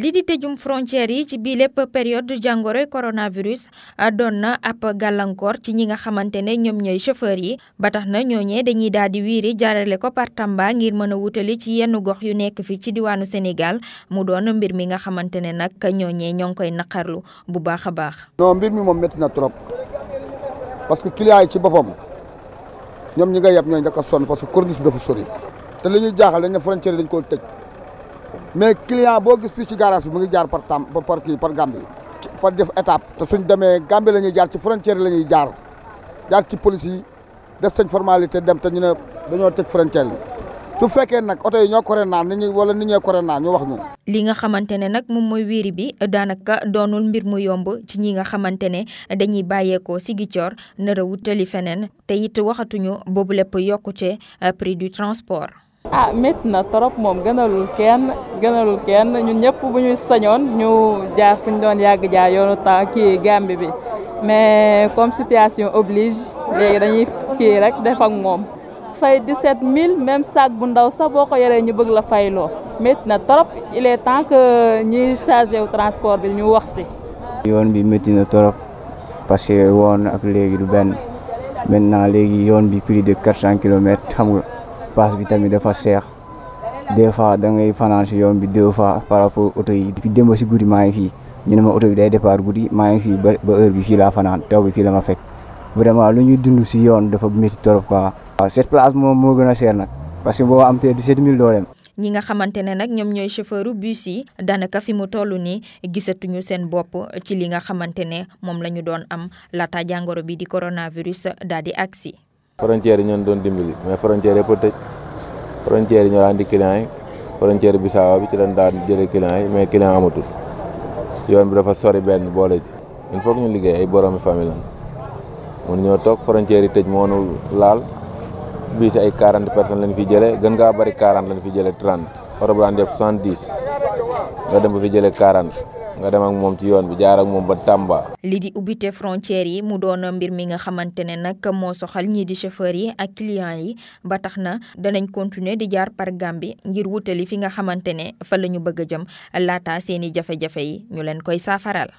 lii di tëjum frontière yi ci bii lépp période jàngoroy coronavirus ah, doon na ab gàllankoor ci ñi nga xamante ne ñoom ñooy chauffeur yi ba tax na ñooñee dañuy daal di wiiri jaarale ko par ngir mën a wutali ci yenn gox yu nekk fii ci diwaanu Sénégal mu doon mbir mi nga xamante ne nag ñooñee ñoo ngi koy naqarlu bu baax a baax. non mbir mi moom métti na trop parce que client ci boppam ñoom ñi nga yeb ñooy njëkk sonn parce que bi dafa sori te li mais client boo gis fii ci garage bi mu ngi jaar par tam par kii par Gambie par def étape te suñ demee Gambie la ñuy jaar ci frontière la ñuy jaar jaar ci police yi def seen formalité dem te ñu ne dañoo tëj frontière yi su fekkee nag oto ñoo kore naa nit ñi wala nit ñee kore naan ñu wax ñu. li nga xamante ne nag moom mooy wiiri bi daanaka doonul mbir mu yomb ci ñi nga xamante ne dañuy bàyyeekoo Ziguinchor nar a wutali feneen te it waxatuñu boobu lépp yokku ci euh, prix du transport. ah métti na trop moom gënalul kenn gënalul kenn ñun ñëpp bu ñu sañoon ñu jaar fu ñu doon yàgg jaar temps kii Gàmbi bi mais comme situation oblige léegi dañuy kii rek def ak moom. fay 17000 même sac bu ndaw sax boo ko yoree ñu bëgg la fayloo métti na trop il est temps que ñiy chargé wu transport bi ñu wax si. yoon bi métti na trop parce que woon ak léegi du benn maintenant léegi yoon bi plus de 400 kilomètres xam nga. paas bi tamit dafa seex des fois da ngay fanaan si yoon bi deux fois par rapport oto yi depuis démb si guddi maa ngi fii ñu ne ma oto bi day départ guddi maa ngi fii ba heure bi fii laa fanaan taw bi fii la ma fekk vraiment lu ñuy dund si yoon dafa métti trop quoi. waaw cette place moom moo gën a seer nag parce que boo am te 17000 dooleem. ñi nga xamante ne nag ñoom ñooy chauffeuru bus yi daanaka fi mu toll nii gisatuñu seen bopp ci li nga xamante ne moom la ñu doon am laata jàngoro bi di coronavirus daal di agsi frontière yi ñoo doon dimbali mais frontière yëpp a tëj frontière yi ñoo daan di client yi frontière Bissau bi ci lañ daan jëlee client yi mais client amatul yoon bi dafa sori benn boole ji il faut ñu liggéey ay boromi famille lan mun ñoo toog frontière yi tëj moo laal bii si ay quarante personnes lañ fi jëlee gën ngaa bari quarante lañ fi jëlee trente oto bu daan def soixante dix nga fi jëlee quarante. nga dem ak moom ci yoon bi jaar ak moom ba Tamba. li di ubbite frontière yi mu doon mbir mi nga xamante ne nag moo soxal ñii di chauffeur yi ak client yi ba tax na danañ continuer di jaar par Gambie ngir wutali fi nga xamante ne fa la ñu bëgg a jëm laata seeni jafe-jafe yi ñu leen koy saafaral.